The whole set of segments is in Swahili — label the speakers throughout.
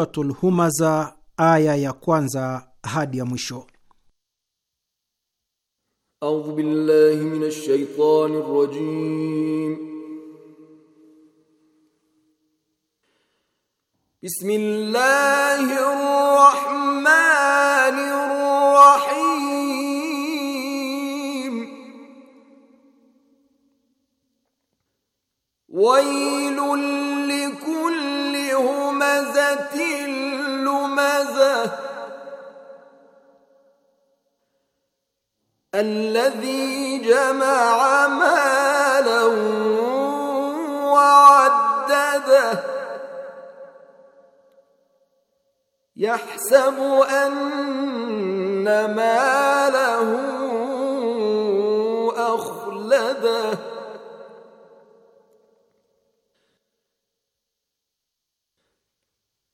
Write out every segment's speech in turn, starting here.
Speaker 1: Suratul Humaza, aya ya kwanza hadi ya mwisho.
Speaker 2: A'udhu billahi minash shaitani rajim. Bismillahir rahmanir rahim. Wailul الجنة الذي جمع مالا وعدده يحسب أن ماله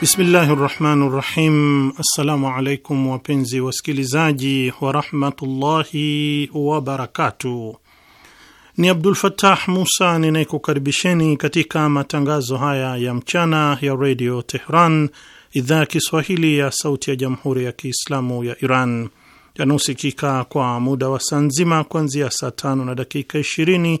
Speaker 3: Bismillahi rahmani rahim. Assalamu alaikum wapenzi wasikilizaji warahmatullahi wabarakatuh. Ni Abdul Fatah Musa ninayekukaribisheni katika matangazo haya ya mchana ya redio Tehran, idhaa ya Kiswahili ya sauti ya jamhuri ya Kiislamu ya Iran, yanaosikika kwa muda wa saa nzima kuanzia saa tano na dakika ishirini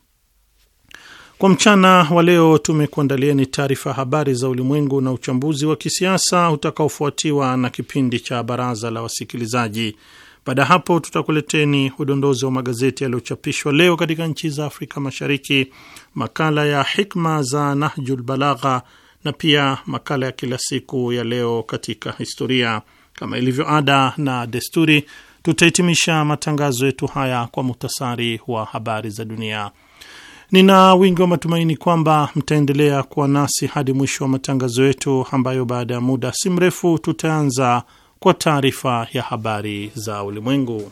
Speaker 3: Kwa mchana wa leo ni taarifa ya habari za ulimwengu na uchambuzi wa kisiasa utakaofuatiwa na kipindi cha baraza la wasikilizaji. Baada ya hapo, tutakuleteni udondozi wa magazeti yaliyochapishwa leo katika nchi za Afrika Mashariki, makala ya hikma za Nahjul Balagha na pia makala ya kila siku ya leo katika historia. Kama ilivyo ada na desturi, tutahitimisha matangazo yetu haya kwa muhtasari wa habari za dunia. Nina wingi wa matumaini kwamba mtaendelea kuwa nasi hadi mwisho wa matangazo yetu, ambayo baada ya muda si mrefu tutaanza kwa taarifa ya habari za ulimwengu.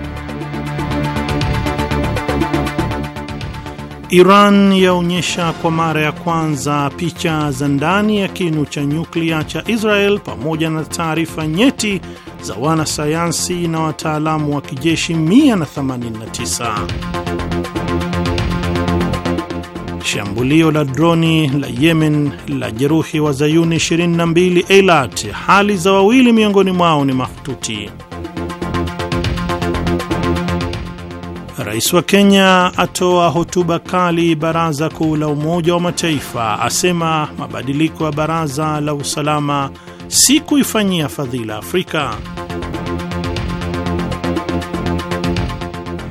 Speaker 3: Iran yaonyesha kwa mara ya kwanza picha za ndani ya kinu cha nyuklia cha Israel pamoja na taarifa nyeti za wanasayansi na wataalamu wa kijeshi 189. Shambulio la droni la Yemen la jeruhi wa Zayuni 22 Eilat, hali za wawili miongoni mwao ni mahututi. Rais wa Kenya atoa hotuba kali baraza kuu la Umoja wa Mataifa, asema mabadiliko ya baraza la usalama si kuifanyia fadhila Afrika.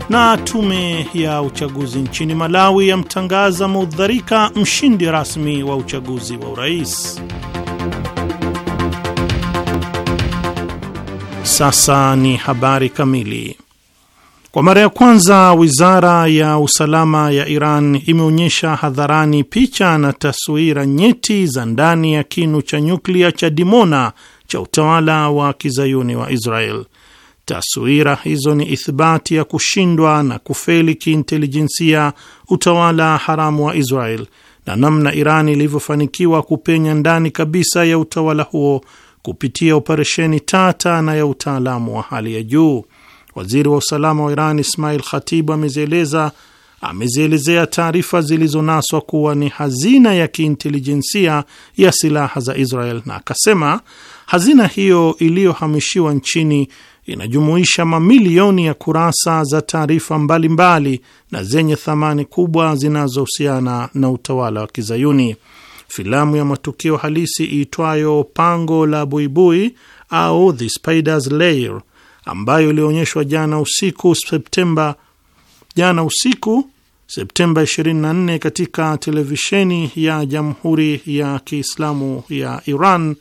Speaker 3: Na tume ya uchaguzi nchini Malawi yamtangaza Mudharika mshindi rasmi wa uchaguzi wa urais. Sasa ni habari kamili. Kwa mara ya kwanza wizara ya usalama ya Iran imeonyesha hadharani picha na taswira nyeti za ndani ya kinu cha nyuklia cha Dimona cha utawala wa kizayuni wa Israel. Taswira hizo ni ithibati ya kushindwa na kufeli kiintelijensia utawala haramu wa Israel na namna Iran ilivyofanikiwa kupenya ndani kabisa ya utawala huo kupitia operesheni tata na ya utaalamu wa hali ya juu. Waziri wa usalama wa Iran Ismail Khatibu amezieleza amezielezea taarifa zilizonaswa kuwa ni hazina ya kiintelijensia ya silaha za Israel na akasema hazina hiyo iliyohamishiwa nchini inajumuisha mamilioni ya kurasa za taarifa mbalimbali na zenye thamani kubwa zinazohusiana na utawala wa Kizayuni. Filamu ya matukio halisi iitwayo Pango la Buibui au The Spider's Lair ambayo ilionyeshwa jana usiku Septemba jana usiku Septemba 24 katika televisheni ya Jamhuri ya Kiislamu ya Iran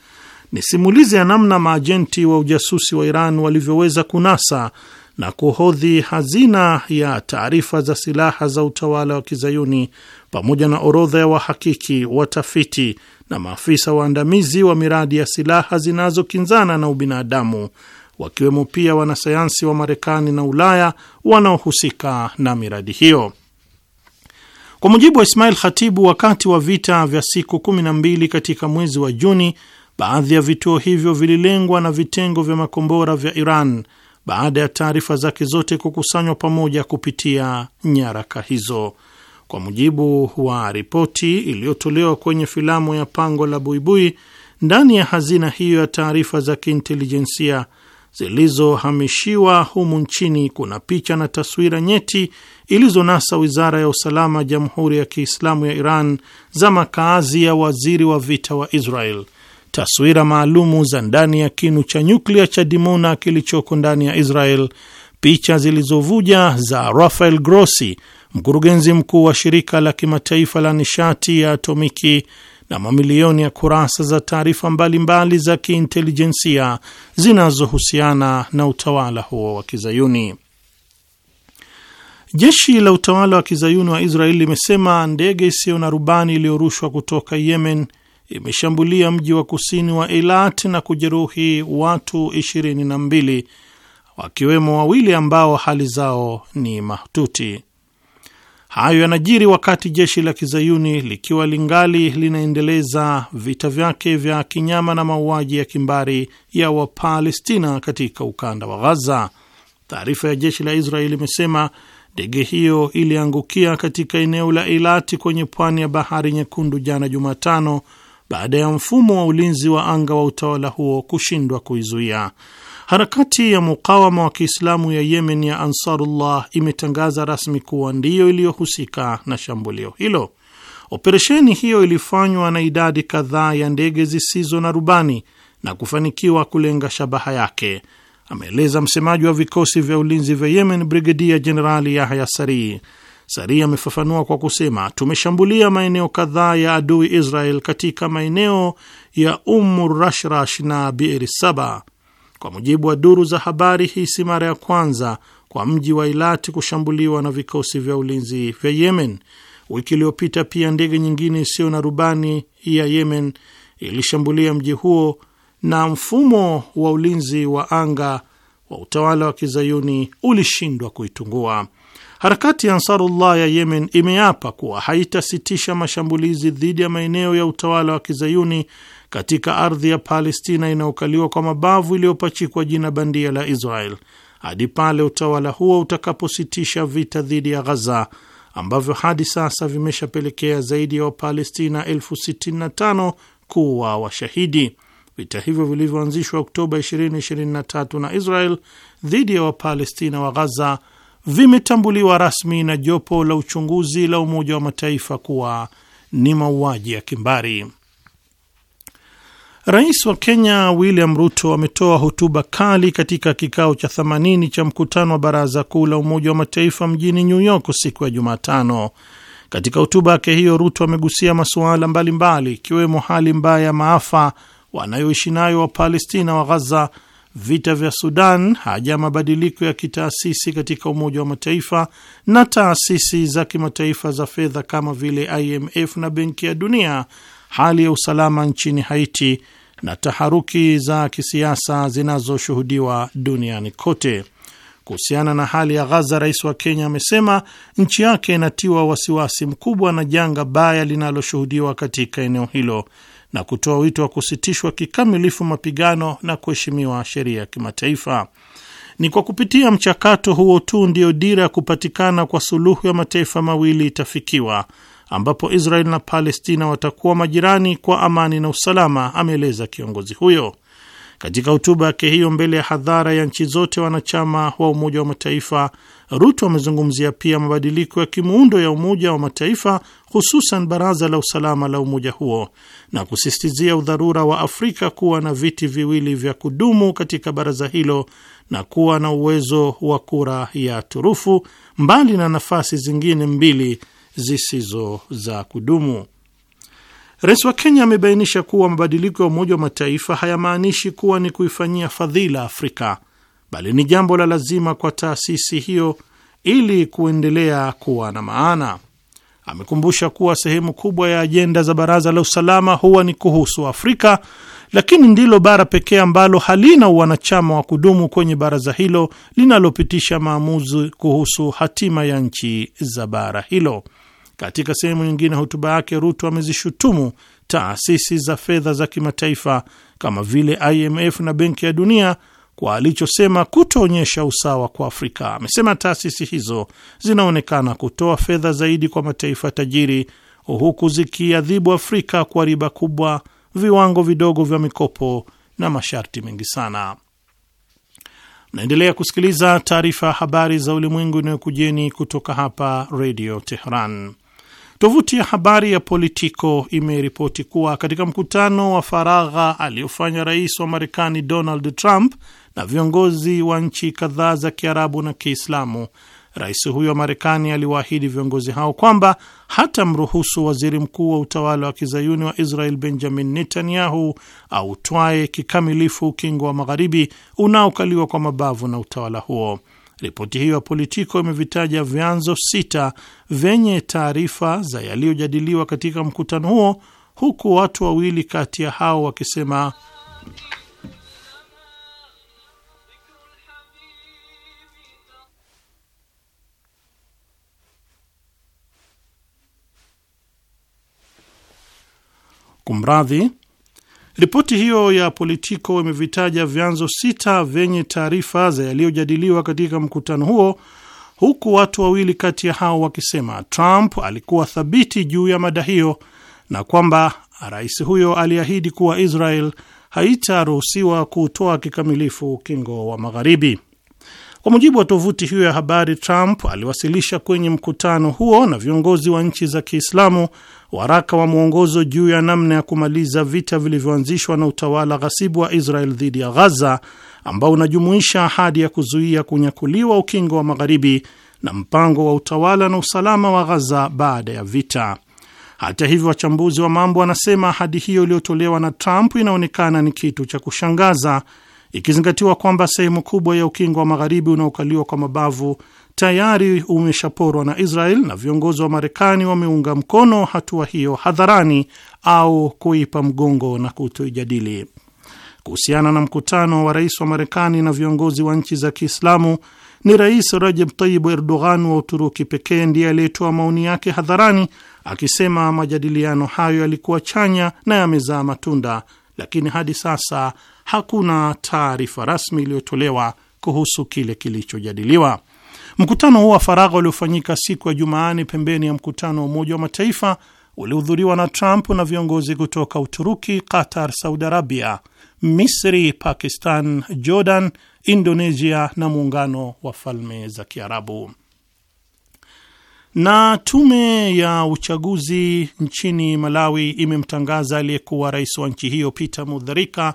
Speaker 3: ni simulizi ya namna maajenti wa ujasusi wa Iran walivyoweza kunasa na kuhodhi hazina ya taarifa za silaha za utawala wa Kizayuni pamoja na orodha ya wahakiki, watafiti na maafisa waandamizi wa miradi ya silaha zinazokinzana na ubinadamu wakiwemo pia wanasayansi wa Marekani na Ulaya wanaohusika na miradi hiyo. Kwa mujibu wa Ismail Khatibu, wakati wa vita vya siku 12 katika mwezi wa Juni, baadhi ya vituo hivyo vililengwa na vitengo vya makombora vya Iran baada ya taarifa zake zote kukusanywa pamoja kupitia nyaraka hizo. Kwa mujibu wa ripoti iliyotolewa kwenye filamu ya Pango la Buibui, ndani ya hazina hiyo ya taarifa za kiintelijensia zilizohamishiwa humu nchini kuna picha na taswira nyeti ilizonasa Wizara ya Usalama Jamhuri ya Kiislamu ya Iran za makaazi ya waziri wa vita wa Israel, taswira maalumu za ndani ya kinu cha nyuklia cha Dimona kilichoko ndani ya Israel, picha zilizovuja za Rafael Grossi, mkurugenzi mkuu wa shirika la kimataifa la nishati ya atomiki na mamilioni ya kurasa za taarifa mbalimbali za kiintelijensia zinazohusiana na utawala huo wa Kizayuni. Jeshi la utawala wa Kizayuni wa israel limesema ndege isiyo na rubani iliyorushwa kutoka Yemen imeshambulia mji wa kusini wa Eilat na kujeruhi watu 22 wakiwemo wawili ambao hali zao ni mahututi. Hayo yanajiri wakati jeshi la kizayuni likiwa lingali linaendeleza vita vyake vya kinyama na mauaji ya kimbari ya Wapalestina katika ukanda wa Ghaza. Taarifa ya jeshi la Israeli imesema ndege hiyo iliangukia katika eneo la Eilati kwenye pwani ya bahari Nyekundu jana Jumatano, baada ya mfumo wa ulinzi wa anga wa utawala huo kushindwa kuizuia. Harakati ya mukawama wa Kiislamu ya Yemen ya Ansarullah imetangaza rasmi kuwa ndiyo iliyohusika na shambulio hilo. Operesheni hiyo ilifanywa na idadi kadhaa ya ndege zisizo na rubani na kufanikiwa kulenga shabaha yake, ameeleza msemaji wa vikosi vya ulinzi vya Yemen, Brigedia Jenerali Yahya Sari. Sari amefafanua kwa kusema, tumeshambulia maeneo kadhaa ya adui Israel katika maeneo ya Umu Rashrash na Biir Saba kwa mujibu wa duru za habari, hii si mara ya kwanza kwa mji wa Ilati kushambuliwa na vikosi vya ulinzi vya Yemen. Wiki iliyopita pia ndege nyingine isiyo na rubani ya Yemen ilishambulia mji huo, na mfumo wa ulinzi wa anga wa utawala wa kizayuni ulishindwa kuitungua. Harakati ya Ansarullah ya Yemen imeapa kuwa haitasitisha mashambulizi dhidi ya maeneo ya utawala wa kizayuni katika ardhi ya Palestina inayokaliwa kwa mabavu iliyopachikwa jina bandia la Israel hadi pale utawala huo utakapositisha vita dhidi ya Ghaza ambavyo hadi sasa vimeshapelekea zaidi ya Wapalestina elfu sitini na tano kuwa washahidi. Vita hivyo vilivyoanzishwa Oktoba 2023 na Israel dhidi ya Wapalestina wa Ghaza vimetambuliwa rasmi na jopo la uchunguzi la Umoja wa Mataifa kuwa ni mauaji ya kimbari. Rais wa Kenya William Ruto ametoa hotuba kali katika kikao cha 80 cha mkutano wa Baraza Kuu la Umoja wa Mataifa mjini New York siku ya Jumatano. Katika hotuba yake hiyo, Ruto amegusia masuala mbalimbali ikiwemo hali mbaya ya maafa wanayoishi nayo Wapalestina wa Ghaza vita vya Sudan, haja ya mabadiliko ya kitaasisi katika Umoja wa Mataifa na taasisi za kimataifa za fedha kama vile IMF na Benki ya Dunia, hali ya usalama nchini Haiti na taharuki za kisiasa zinazoshuhudiwa duniani kote. Kuhusiana na hali ya Ghaza, rais wa Kenya amesema nchi yake inatiwa wasiwasi mkubwa na janga baya linaloshuhudiwa katika eneo hilo na kutoa wito wa kusitishwa kikamilifu mapigano na kuheshimiwa sheria ya kimataifa. Ni kwa kupitia mchakato huo tu ndio dira ya kupatikana kwa suluhu ya mataifa mawili itafikiwa, ambapo Israel na Palestina watakuwa majirani kwa amani na usalama, ameeleza kiongozi huyo. Katika hotuba yake hiyo mbele ya hadhara ya nchi zote wanachama wa Umoja wa Mataifa, Ruto amezungumzia pia mabadiliko ya kimuundo ya Umoja wa Mataifa, hususan Baraza la Usalama la umoja huo na kusisitizia udharura wa Afrika kuwa na viti viwili vya kudumu katika baraza hilo na kuwa na uwezo wa kura ya turufu, mbali na nafasi zingine mbili zisizo za kudumu. Rais wa Kenya amebainisha kuwa mabadiliko ya Umoja wa Mataifa hayamaanishi kuwa ni kuifanyia fadhila Afrika, bali ni jambo la lazima kwa taasisi hiyo ili kuendelea kuwa na maana. Amekumbusha kuwa sehemu kubwa ya ajenda za Baraza la Usalama huwa ni kuhusu Afrika, lakini ndilo bara pekee ambalo halina wanachama wa kudumu kwenye baraza hilo linalopitisha maamuzi kuhusu hatima ya nchi za bara hilo. Katika sehemu nyingine hotuba yake, Ruto amezishutumu taasisi za fedha za kimataifa kama vile IMF na Benki ya Dunia kwa alichosema kutoonyesha usawa kwa Afrika. Amesema taasisi hizo zinaonekana kutoa fedha zaidi kwa mataifa tajiri huku zikiadhibu Afrika kwa riba kubwa, viwango vidogo vya mikopo na masharti mengi sana. Mnaendelea kusikiliza taarifa ya habari za ulimwengu inayokujeni kutoka hapa Redio Teheran. Tovuti ya habari ya Politico imeripoti kuwa katika mkutano wa faragha aliofanya rais wa Marekani Donald Trump na viongozi wa nchi kadhaa za Kiarabu na Kiislamu, rais huyo wa Marekani aliwaahidi viongozi hao kwamba hatamruhusu waziri mkuu wa utawala wa kizayuni wa Israel Benjamin Netanyahu autwaye kikamilifu ukingo wa magharibi unaokaliwa kwa mabavu na utawala huo. Ripoti hiyo ya Politico imevitaja vyanzo sita vyenye taarifa za yaliyojadiliwa katika mkutano huo, huku watu wawili kati ya hao wakisema Kumradhi, Ripoti hiyo ya Politico imevitaja vyanzo sita vyenye taarifa za yaliyojadiliwa katika mkutano huo, huku watu wawili kati ya hao wakisema Trump alikuwa thabiti juu ya mada hiyo na kwamba rais huyo aliahidi kuwa Israel haitaruhusiwa kutoa kikamilifu ukingo wa Magharibi. Kwa mujibu wa tovuti hiyo ya habari, Trump aliwasilisha kwenye mkutano huo na viongozi wa nchi za Kiislamu waraka wa mwongozo juu ya namna ya kumaliza vita vilivyoanzishwa na utawala ghasibu wa Israel dhidi ya Ghaza ambao unajumuisha ahadi ya kuzuia kunyakuliwa ukingo wa Magharibi na mpango wa utawala na usalama wa Ghaza baada ya vita. Hata hivyo, wachambuzi wa mambo wanasema ahadi hiyo iliyotolewa na Trump inaonekana ni kitu cha kushangaza, ikizingatiwa kwamba sehemu kubwa ya ukingo wa Magharibi unaokaliwa kwa mabavu tayari umeshaporwa na Israel na viongozi wa Marekani wameunga mkono hatua hiyo hadharani au kuipa mgongo na kutoijadili. Kuhusiana na mkutano wa rais wa Marekani na viongozi wa nchi za Kiislamu, ni Rais rajeb Tayyip Erdogan wa Uturuki pekee ndiye aliyetoa maoni yake hadharani akisema majadiliano hayo yalikuwa chanya na yamezaa matunda, lakini hadi sasa hakuna taarifa rasmi iliyotolewa kuhusu kile kilichojadiliwa. Mkutano huo wa faragha uliofanyika siku ya jumaane pembeni ya mkutano wa Umoja wa Mataifa uliohudhuriwa na Trump na viongozi kutoka Uturuki, Qatar, Saudi Arabia, Misri, Pakistan, Jordan, Indonesia na Muungano wa Falme za Kiarabu. Na tume ya uchaguzi nchini Malawi imemtangaza aliyekuwa rais wa nchi hiyo Peter Mutharika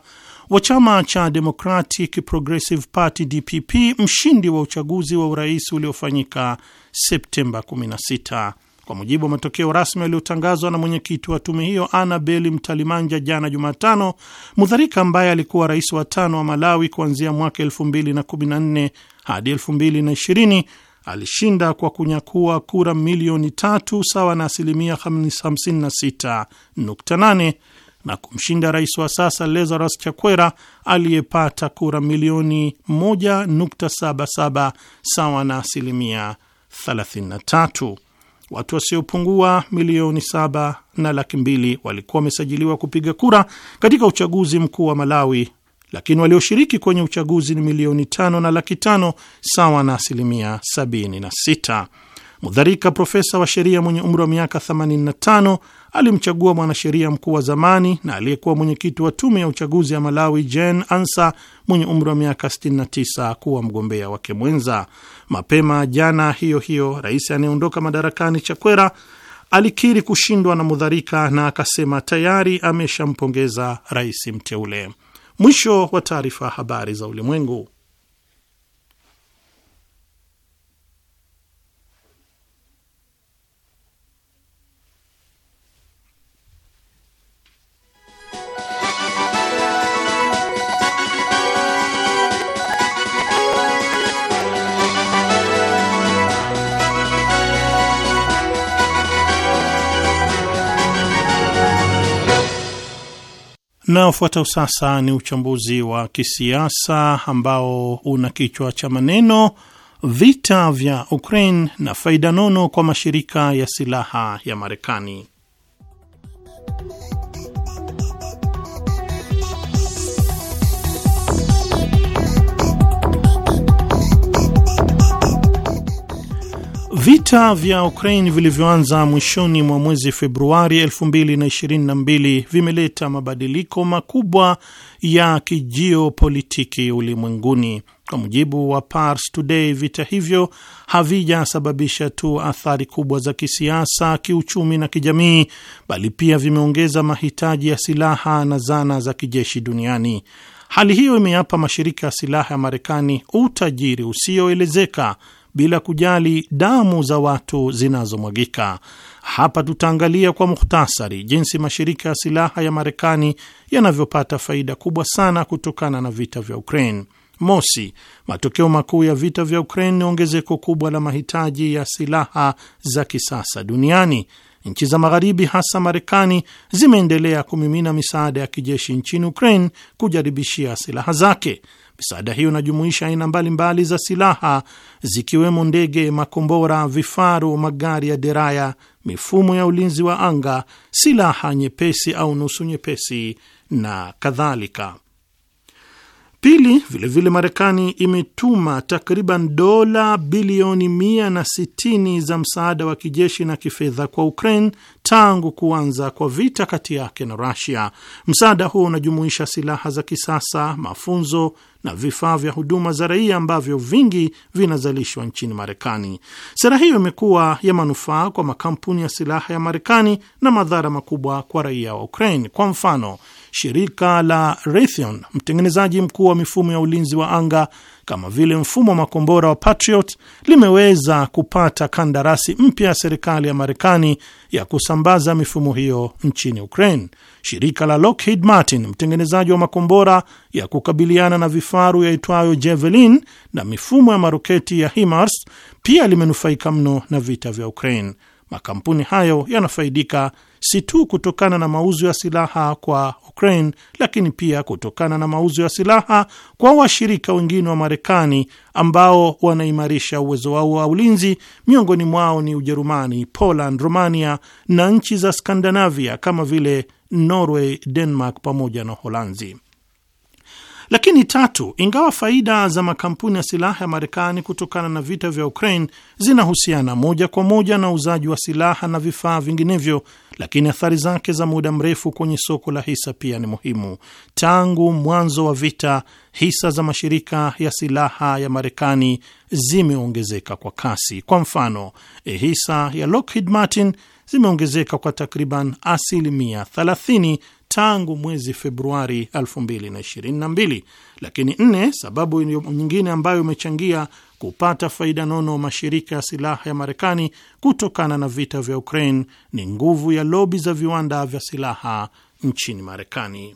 Speaker 3: wa chama cha Democratic Progressive Party DPP, mshindi wa uchaguzi wa urais uliofanyika Septemba 16. Kwa mujibu wa matokeo rasmi yaliyotangazwa na mwenyekiti wa tume hiyo Annabel Mtalimanja jana Jumatano, Mudharika ambaye alikuwa rais wa tano wa Malawi kuanzia mwaka 2014 hadi 2020 alishinda kwa kunyakua kura milioni tatu sawa na asilimia 56.8 na kumshinda rais wa sasa Lazarus Chakwera aliyepata kura milioni 1.77 sawa na asilimia 33. Watu wasiopungua milioni 7 na laki mbili walikuwa wamesajiliwa kupiga kura katika uchaguzi mkuu wa Malawi, lakini walioshiriki kwenye uchaguzi ni milioni tano na laki tano sawa na asilimia 76. Mudharika, profesa wa sheria mwenye umri wa miaka 85 alimchagua mwanasheria mkuu wa zamani na aliyekuwa mwenyekiti wa tume ya uchaguzi ya Malawi Jane Ansa mwenye umri wa miaka 69 kuwa mgombea wake mwenza. Mapema jana hiyo hiyo, rais anayeondoka madarakani Chakwera alikiri kushindwa na Mudharika na akasema tayari ameshampongeza rais mteule. Mwisho wa taarifa. Habari za Ulimwengu. Unaofuata sasa ni uchambuzi wa kisiasa ambao una kichwa cha maneno vita vya Ukraine na faida nono kwa mashirika ya silaha ya Marekani. Vita vya Ukraine vilivyoanza mwishoni mwa mwezi Februari 2022 vimeleta mabadiliko makubwa ya kijiopolitiki ulimwenguni. Kwa mujibu wa Pars Today, vita hivyo havijasababisha tu athari kubwa za kisiasa, kiuchumi na kijamii, bali pia vimeongeza mahitaji ya silaha na zana za kijeshi duniani. Hali hiyo imeyapa mashirika ya silaha ya Marekani utajiri usioelezeka bila kujali damu za watu zinazomwagika. Hapa tutaangalia kwa muhtasari jinsi mashirika ya silaha ya Marekani yanavyopata faida kubwa sana kutokana na vita vya Ukraine. Mosi, matokeo makuu ya vita vya Ukraine ni ongezeko kubwa la mahitaji ya silaha za kisasa duniani. Nchi za Magharibi, hasa Marekani, zimeendelea kumimina misaada ya kijeshi nchini Ukraine kujaribishia silaha zake. Misaada hiyo inajumuisha aina mbalimbali za silaha zikiwemo ndege, makombora, vifaru, magari ya deraya, mifumo ya ulinzi wa anga, silaha nyepesi au nusu nyepesi na kadhalika. Pili, vilevile Marekani imetuma takriban dola bilioni 160 za msaada wa kijeshi na kifedha kwa Ukraine tangu kuanza kwa vita kati yake na rasia Msaada huo unajumuisha silaha za kisasa, mafunzo na vifaa vya huduma za raia ambavyo vingi vinazalishwa nchini Marekani. Sera hiyo imekuwa ya manufaa kwa makampuni ya silaha ya Marekani na madhara makubwa kwa raia wa Ukraine. Kwa mfano, shirika la Raytheon, mtengenezaji mkuu wa mifumo ya ulinzi wa anga kama vile mfumo wa makombora wa Patriot limeweza kupata kandarasi mpya ya serikali ya Marekani ya kusambaza mifumo hiyo nchini Ukraine. Shirika la Lockheed Martin, mtengenezaji wa makombora ya kukabiliana na vifaru yaitwayo Javelin na mifumo ya maroketi ya HIMARS, pia limenufaika mno na vita vya Ukraine. Makampuni hayo yanafaidika si tu kutokana na mauzo ya silaha kwa Ukraine, lakini pia kutokana na mauzo ya silaha kwa washirika wengine wa Marekani ambao wanaimarisha uwezo wao wa ulinzi. Miongoni mwao ni Ujerumani, Poland, Romania na nchi za Skandinavia kama vile Norway, Denmark pamoja na Holanzi. Lakini tatu, ingawa faida za makampuni ya silaha ya Marekani kutokana na vita vya Ukraine zinahusiana moja kwa moja na uuzaji wa silaha na vifaa vinginevyo, lakini athari zake za muda mrefu kwenye soko la hisa pia ni muhimu. Tangu mwanzo wa vita, hisa za mashirika ya silaha ya Marekani zimeongezeka kwa kasi. Kwa mfano, hisa ya Lockheed Martin zimeongezeka kwa takriban asilimia 30 tangu mwezi Februari 2022. Lakini nne, sababu nyingine ambayo imechangia kupata faida nono mashirika ya silaha ya Marekani kutokana na vita vya Ukraine ni nguvu ya lobi za viwanda vya silaha nchini Marekani.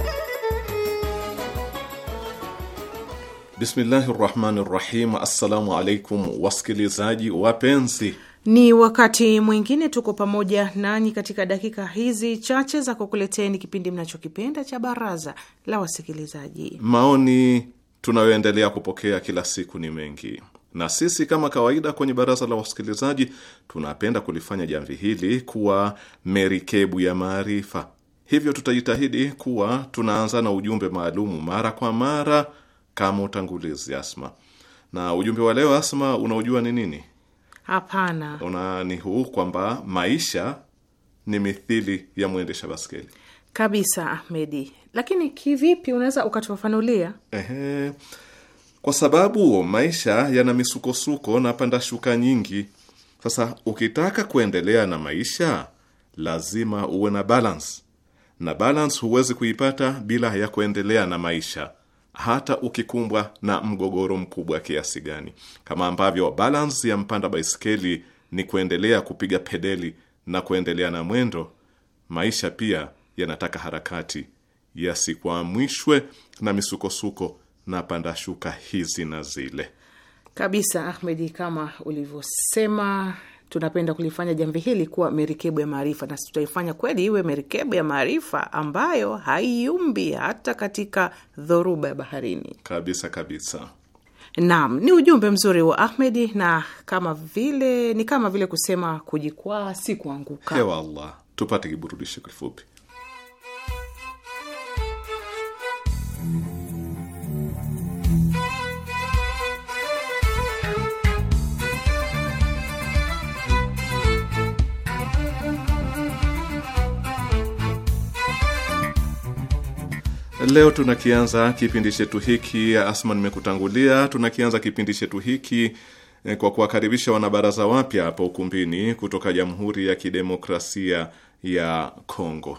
Speaker 4: Bismillahi rahmani rahim. Assalamu alaikum wasikilizaji wapenzi,
Speaker 5: ni wakati mwingine tuko pamoja nanyi katika dakika hizi chache za kukuleteni kipindi mnachokipenda cha Baraza la Wasikilizaji.
Speaker 4: Maoni tunayoendelea kupokea kila siku ni mengi, na sisi kama kawaida kwenye Baraza la Wasikilizaji tunapenda kulifanya jamvi hili kuwa merikebu ya maarifa. Hivyo tutajitahidi kuwa tunaanza na ujumbe maalumu mara kwa mara kama utangulizi Asma. Na ujumbe wa leo Asma, unaojua ni nini?
Speaker 5: Hapana,
Speaker 4: una ni huu kwamba maisha ni mithili ya mwendesha baskeli
Speaker 5: kabisa, Ahmedi. Lakini kivipi? Unaweza ukatufafanulia?
Speaker 4: Ehe, kwa sababu maisha yana misukosuko na panda shuka nyingi. Sasa ukitaka kuendelea na maisha lazima uwe na balance, na balance huwezi kuipata bila ya kuendelea na maisha hata ukikumbwa na mgogoro mkubwa kiasi gani. Kama ambavyo balansi ya mpanda baiskeli ni kuendelea kupiga pedeli na kuendelea na mwendo, maisha pia yanataka harakati, yasikwamishwe na misukosuko na pandashuka hizi na zile.
Speaker 5: Kabisa Ahmedi, kama ulivyosema tunapenda kulifanya jamvi hili kuwa merikebu ya maarifa, na tutaifanya kweli iwe merikebu ya maarifa ambayo haiumbi hata katika dhoruba ya baharini kabisa kabisa. Naam, ni ujumbe mzuri wa Ahmedi, na kama vile ni kama vile kusema kujikwaa si kuanguka.
Speaker 4: Hewa tupate kiburudishi kifupi. Leo tunakianza kipindi chetu hiki Asma, nimekutangulia. Tunakianza kipindi chetu hiki eh, kwa kuwakaribisha wanabaraza wapya hapa ukumbini kutoka Jamhuri ya Kidemokrasia ya Kongo.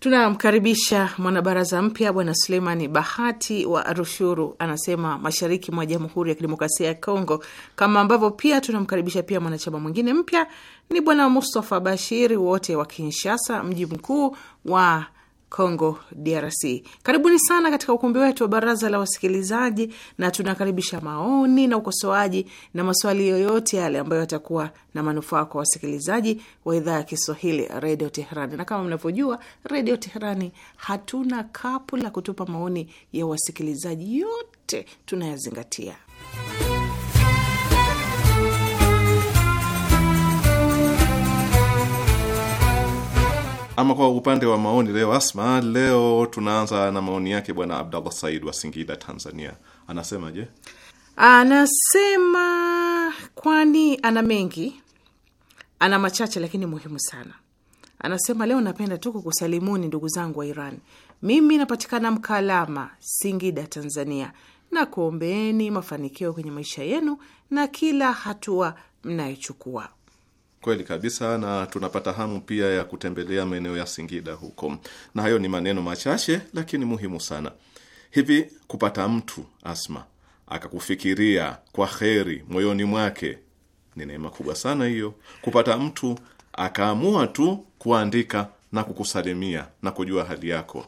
Speaker 5: Tunamkaribisha mwanabaraza mpya Bwana Suleimani Bahati wa Rushuru, anasema mashariki mwa Jamhuri ya Kidemokrasia ya Kongo, kama ambavyo pia tunamkaribisha pia mwanachama mwingine mpya ni Bwana Mustafa Bashiri, wote wa Kinshasa, mji mkuu wa Congo DRC. Karibuni sana katika ukumbi wetu wa baraza la wasikilizaji, na tunakaribisha maoni na ukosoaji na maswali yoyote yale ambayo yatakuwa na manufaa kwa wasikilizaji wa idhaa ya Kiswahili Redio Teherani. Na kama mnavyojua, Redio Teherani hatuna kapu la kutupa maoni ya wasikilizaji, yote tunayazingatia.
Speaker 4: Ama kwa upande wa maoni leo, Asma, leo tunaanza na maoni yake bwana Abdallah Said wa Singida, Tanzania. Anasema je?
Speaker 5: Anasema kwani ana mengi, ana machache lakini muhimu sana. Anasema leo napenda tu kukusalimuni ndugu zangu wa Iran. Mimi napatikana Mkalama, Singida, Tanzania, na kuombeeni mafanikio kwenye maisha yenu na kila hatua mnayochukua.
Speaker 4: Kweli kabisa, na tunapata hamu pia ya kutembelea maeneo ya Singida huko. Na hayo ni maneno machache, lakini muhimu sana. Hivi kupata mtu Asma akakufikiria kwa kheri moyoni mwake ni neema kubwa sana hiyo. Kupata mtu akaamua tu kuandika na kukusalimia na kujua hali yako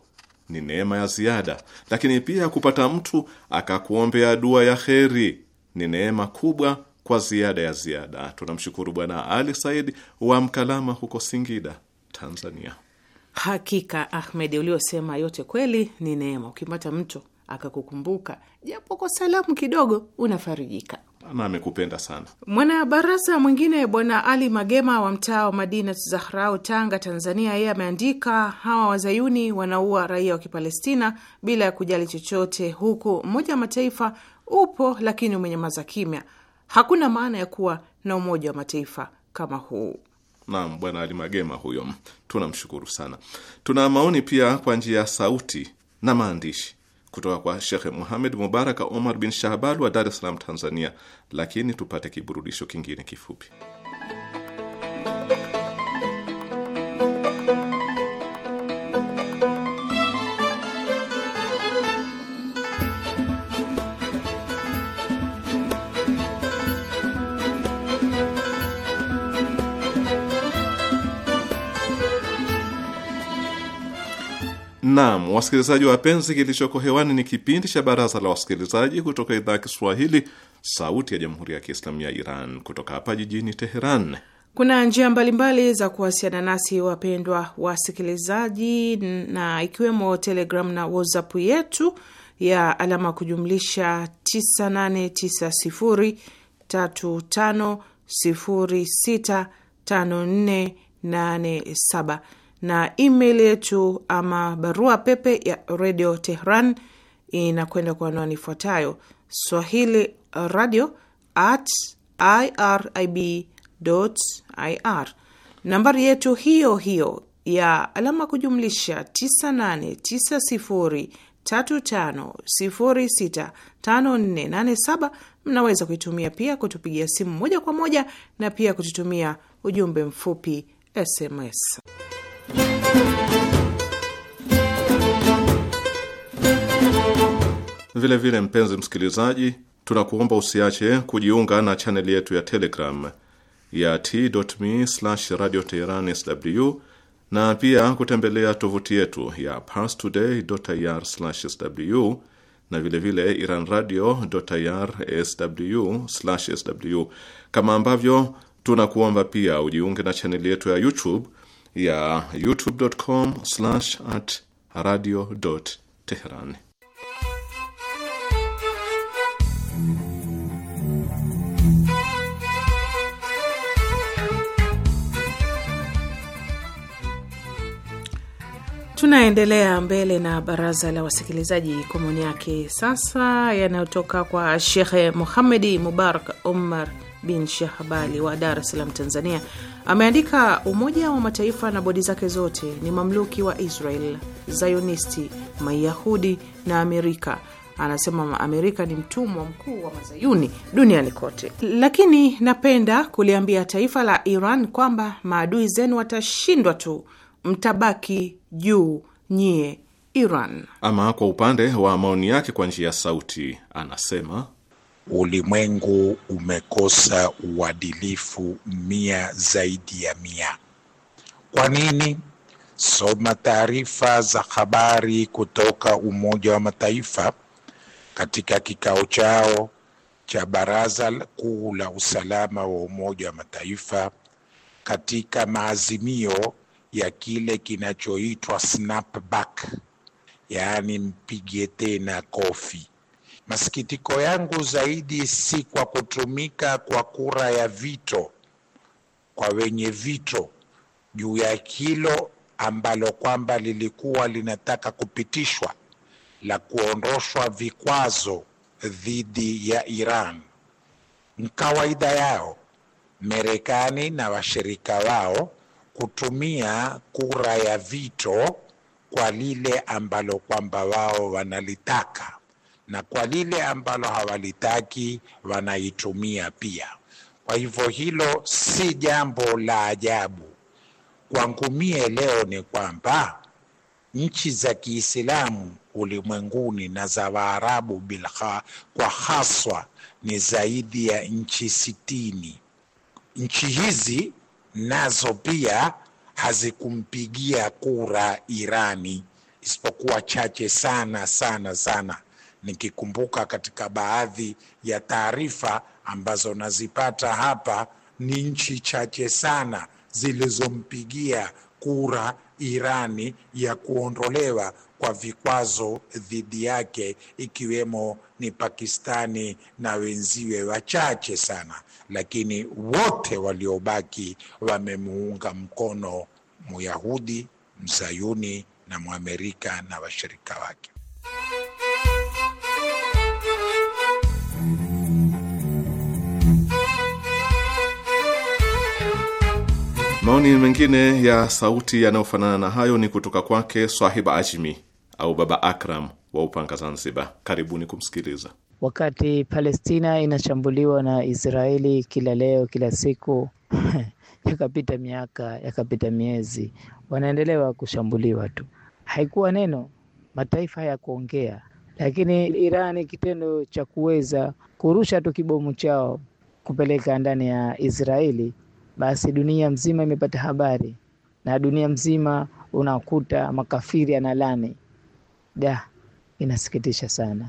Speaker 4: ni neema ya ziada. Lakini pia kupata mtu akakuombea dua ya kheri ni neema kubwa kwa ziada ya ziada. Tunamshukuru Bwana Ali Said wa Mkalama huko Singida, Tanzania.
Speaker 5: Hakika Ahmed, uliosema yote kweli ni neema. Ukipata mtu akakukumbuka japo kwa salamu kidogo, unafarijika
Speaker 4: na amekupenda sana.
Speaker 5: Mwanabaraza mwingine Bwana Ali Magema wa mtaa wa madina Zahrau, Tanga, Tanzania, yeye ameandika hawa wazayuni wanaua raia wa Kipalestina bila ya kujali chochote, huku Umoja wa Mataifa upo lakini umenyamaza kimya hakuna maana ya kuwa na Umoja wa Mataifa kama huu.
Speaker 4: Naam, Bwana Ali Magema huyo, tunamshukuru sana. Tuna maoni pia kwa njia ya sauti na maandishi kutoka kwa Shekhe Muhamed Mubaraka Omar bin Shahbal wa Dar es Salaam, Tanzania, lakini tupate kiburudisho kingine kifupi. Naam, wasikilizaji wapenzi, kilichoko hewani ni kipindi cha Baraza la Wasikilizaji kutoka idhaa ya Kiswahili, Sauti ya Jamhuri ya Kiislamu ya Iran, kutoka hapa jijini Teheran.
Speaker 5: Kuna njia mbalimbali za kuwasiliana nasi, wapendwa wasikilizaji, na ikiwemo Telegram na WhatsApp yetu ya alama kujumlisha 989035065487 na email yetu ama barua pepe ya redio Tehran inakwenda kwa anwani ifuatayo swahili radio at irib ir. Nambari yetu hiyo hiyo ya alama kujumlisha 989035065487 mnaweza kuitumia pia kutupigia simu moja kwa moja na pia kututumia ujumbe mfupi SMS.
Speaker 4: Vilevile vile, mpenzi msikilizaji, tunakuomba usiache kujiunga na chaneli yetu ya Telegram ya t.me radio teheran sw na pia kutembelea tovuti yetu ya parstoday ir sw na vilevile iran radio ir sw sw, kama ambavyo tunakuomba pia ujiunge na chaneli yetu ya YouTube ya youtube.com at radio
Speaker 5: Tunaendelea mbele na baraza la wasikilizaji. Komoni yake sasa yanayotoka kwa Shekhe Muhamedi Mubarak Omar bin Shahbali wa Dar es Salaam, Tanzania, ameandika Umoja wa Mataifa na bodi zake zote ni mamluki wa Israel, Zayonisti, Mayahudi na Amerika. Anasema Amerika ni mtumwa mkuu wa mazayuni duniani kote, lakini napenda kuliambia taifa la Iran kwamba maadui zenu watashindwa tu, mtabaki juu nyie Iran.
Speaker 4: Ama kwa upande wa maoni yake kwa njia ya sauti, anasema
Speaker 6: Ulimwengu umekosa uadilifu mia zaidi ya mia. Kwa nini? Soma taarifa za habari kutoka Umoja wa Mataifa katika kikao chao cha Baraza Kuu la Usalama wa Umoja wa Mataifa katika maazimio ya kile kinachoitwa snapback, yaani mpige tena kofi Masikitiko yangu zaidi si kwa kutumika kwa kura ya vito kwa wenye vito juu ya hilo ambalo kwamba lilikuwa linataka kupitishwa la kuondoshwa vikwazo dhidi ya Iran. Kawaida yao Marekani na washirika wao kutumia kura ya vito kwa lile ambalo kwamba wao wanalitaka na kwa lile ambalo hawalitaki wanaitumia pia. Kwa hivyo hilo si jambo la ajabu. Kwangu mie leo ni kwamba nchi za Kiislamu ulimwenguni na za Waarabu bilha, kwa haswa ni zaidi ya nchi sitini. Nchi hizi nazo pia hazikumpigia kura Irani isipokuwa chache sana sana sana nikikumbuka katika baadhi ya taarifa ambazo nazipata hapa, ni nchi chache sana zilizompigia kura Irani ya kuondolewa kwa vikwazo dhidi yake ikiwemo ni Pakistani na wenziwe wachache sana, lakini wote waliobaki wamemuunga mkono Muyahudi, Mzayuni na Mwamerika na washirika wake.
Speaker 4: Maoni mengine ya sauti yanayofanana na hayo ni kutoka kwake Swahiba Ajmi au Baba Akram wa Upanga, Zanzibar. Karibuni kumsikiliza.
Speaker 7: Wakati Palestina inashambuliwa na Israeli kila leo, kila siku yakapita miaka yakapita miezi, wanaendelewa kushambuliwa tu. Haikuwa neno, mataifa kuongea, lakini Irani kitendo cha kuweza kurusha tu kibomu chao kupeleka ndani ya Israeli basi dunia mzima imepata habari na dunia mzima unakuta makafiri analani. Da, inasikitisha sana.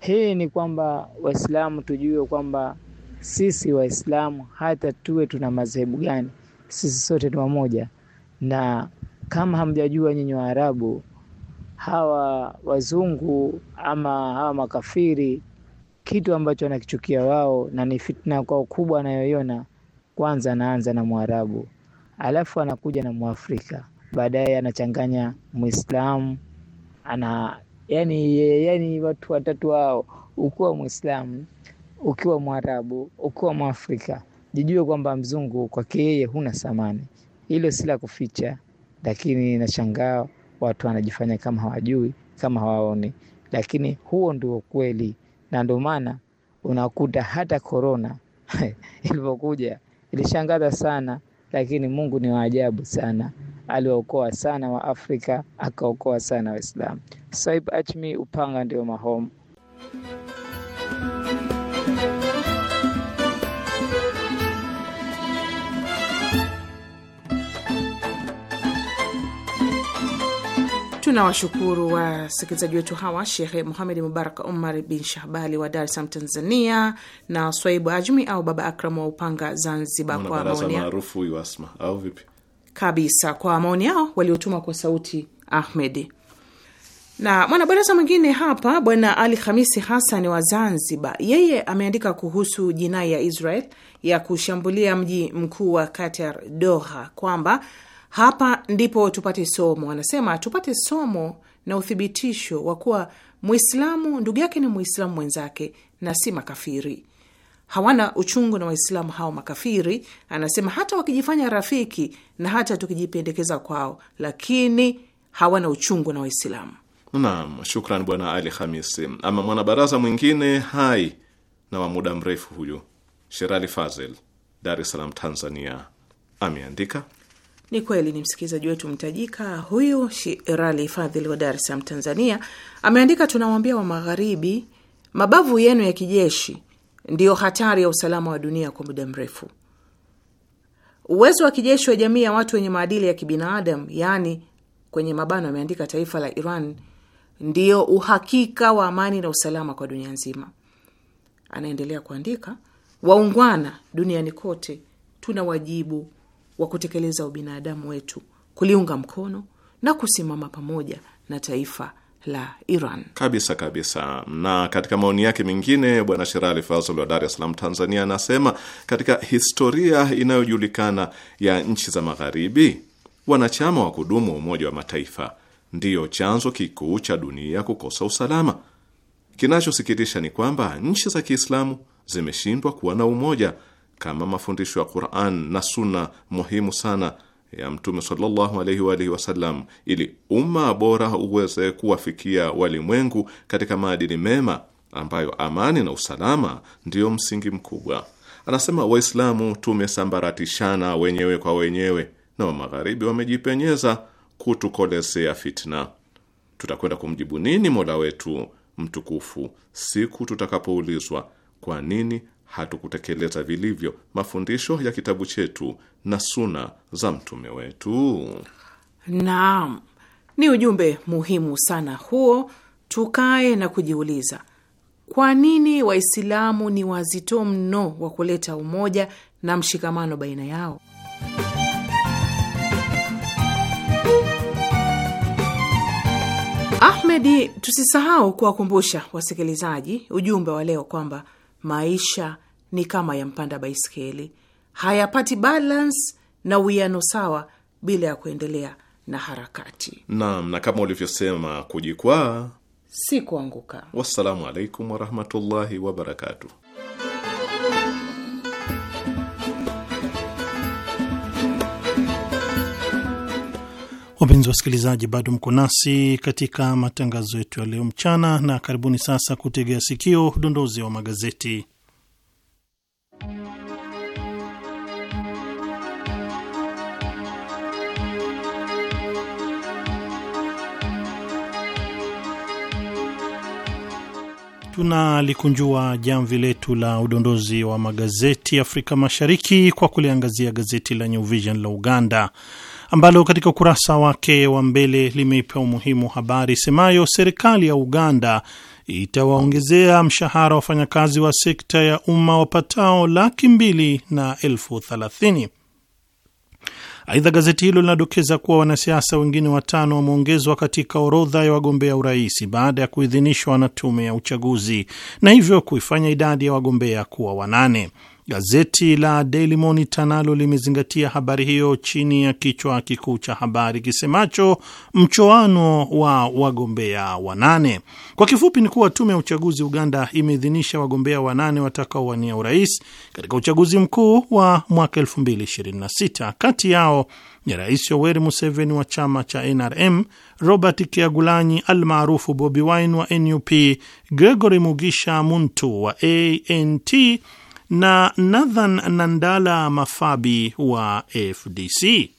Speaker 7: Hii ni kwamba Waislamu tujue kwamba sisi Waislamu hata tuwe tuna madhehebu gani, sisi sote ni wamoja. Na kama hamjajua nyinyi Waarabu, hawa wazungu ama hawa makafiri, kitu ambacho wanakichukia wao na ni fitna kwao kubwa anayoiona kwanza anaanza na Mwarabu, alafu anakuja na Mwafrika, baadaye anachanganya Muislamu ana yani, yani watu watatu hao, ukiwa Muislamu, ukiwa Mwarabu, ukiwa Mwafrika, jijue kwamba mzungu kwake yeye huna samani. Hilo si la kuficha, lakini nashangaa watu wanajifanya kama hawajui kama hawaoni, lakini huo ndio kweli, na ndio maana unakuta hata korona ilivyokuja ilishangaza sana, lakini Mungu ni wa ajabu sana, aliwaokoa sana wa Afrika, akaokoa sana Waislamu. Saib Achmi, Upanga ndio Mahomu.
Speaker 5: Tunawashukuru wasikilizaji wetu hawa, Shekhe Muhamedi Mubarak Omar bin Shahbali wa Dar es Salaam, Tanzania, na Swaibu Ajmi au Baba Akram wa Upanga, Zanzibar, kwa maoni
Speaker 4: maarufu au vipi
Speaker 5: kabisa, kwa maoni yao waliotuma kwa sauti Ahmedi. Na mwanabaraza mwingine hapa, Bwana Ali Khamisi Hassan wa Zanzibar, yeye ameandika kuhusu jinai ya Israel ya kushambulia mji mkuu wa Qatar, Doha, kwamba hapa ndipo tupate somo. Anasema tupate somo na uthibitisho wa kuwa Mwislamu ndugu yake ni Mwislamu mwenzake na si makafiri. Hawana uchungu na Waislamu hao makafiri. Anasema hata wakijifanya rafiki na hata tukijipendekeza kwao, lakini hawana uchungu na Waislamu.
Speaker 4: Naam, shukran Bwana Ali hamis Ama mwanabaraza mwingine hai na wa muda mrefu huyu Sherali Fazel, Dar es Salaam, Tanzania, ameandika
Speaker 5: ni kweli ni msikilizaji wetu mtajika huyu Shirali Fadhili wa Dar es Salaam, Tanzania, ameandika: tunawaambia wa Magharibi, mabavu yenu ya kijeshi ndiyo hatari ya usalama wa dunia kwa muda mrefu. Uwezo wa kijeshi wa jamii ya watu wenye maadili ya kibinadamu, yaani kwenye mabano ameandika taifa la Iran, ndiyo uhakika wa amani na usalama kwa dunia nzima. Anaendelea kuandika, waungwana duniani kote tuna wajibu wa kutekeleza ubinadamu wetu, kuliunga mkono na kusimama pamoja na taifa la Iran
Speaker 4: kabisa kabisa. Na katika maoni yake mengine, Bwana Sherali Fazl wa Dar es Salaam, Tanzania, anasema katika historia inayojulikana ya nchi za Magharibi, wanachama wa kudumu wa Umoja wa Mataifa ndiyo chanzo kikuu cha dunia kukosa usalama. Kinachosikitisha ni kwamba nchi za Kiislamu zimeshindwa kuwa na umoja kama mafundisho ya Qur'an na Sunna muhimu sana ya Mtume sallallahu alaihi wa alihi wasallam, ili umma bora uweze kuwafikia walimwengu katika maadili mema ambayo amani na usalama ndiyo msingi mkubwa. Anasema Waislamu tumesambaratishana wenyewe kwa wenyewe na wa magharibi wamejipenyeza kutukolezea fitna. Tutakwenda kumjibu nini Mola wetu mtukufu siku tutakapoulizwa kwa nini hatukutekeleza vilivyo mafundisho ya kitabu chetu na suna za
Speaker 5: mtume wetu? Naam, ni ujumbe muhimu sana huo. Tukae na kujiuliza, kwa nini Waislamu ni wazito mno wa kuleta umoja na mshikamano baina yao? Ahmedi, tusisahau kuwakumbusha wasikilizaji ujumbe wa leo kwamba Maisha ni kama ya mpanda baiskeli, hayapati balance na uwiano sawa bila ya kuendelea na harakati.
Speaker 4: Naam, na kama ulivyosema, kujikwaa
Speaker 5: si kuanguka.
Speaker 4: Wassalamu alaikum warahmatullahi wabarakatuh.
Speaker 3: Wapenzi wasikilizaji, bado mko nasi katika matangazo yetu ya leo mchana, na karibuni sasa kutegea sikio udondozi wa magazeti. Tunalikunjua jamvi letu la udondozi wa magazeti Afrika Mashariki kwa kuliangazia gazeti la New Vision la Uganda ambalo katika ukurasa wake wa mbele limeipa umuhimu habari semayo serikali ya Uganda itawaongezea mshahara wafanyakazi wa sekta ya umma wapatao laki mbili na elfu thelathini. Aidha, gazeti hilo linadokeza kuwa wanasiasa wengine watano wameongezwa katika orodha ya wagombea urais baada ya kuidhinishwa na tume ya uchaguzi na hivyo kuifanya idadi ya wagombea kuwa wanane. Gazeti la Daily Monitor nalo limezingatia habari hiyo chini ya kichwa kikuu cha habari kisemacho mchoano wa wagombea wanane. Kwa kifupi ni kuwa tume ya uchaguzi Uganda imeidhinisha wagombea wanane watakaowania urais katika uchaguzi mkuu wa mwaka 2026. Kati yao ni Rais Yoweri Museveni wa chama cha NRM, Robert al almaarufu Bobi Wine wa NUP, Gregory Mugisha Muntu wa ANT na Nathan Nandala Mafabi wa FDC.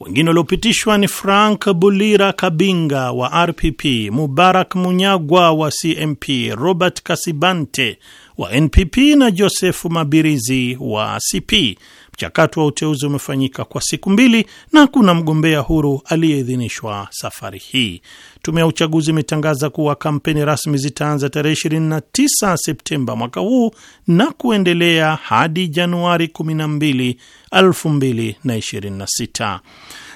Speaker 3: Wengine waliopitishwa ni Frank Bulira Kabinga wa RPP, Mubarak Munyagwa wa CMP, Robert Kasibante wa NPP na Joseph Mabirizi wa CP. Mchakato wa uteuzi umefanyika kwa siku mbili na hakuna mgombea huru aliyeidhinishwa safari hii. Tume ya uchaguzi imetangaza kuwa kampeni rasmi zitaanza tarehe 29 Septemba mwaka huu na kuendelea hadi Januari 12, 2026.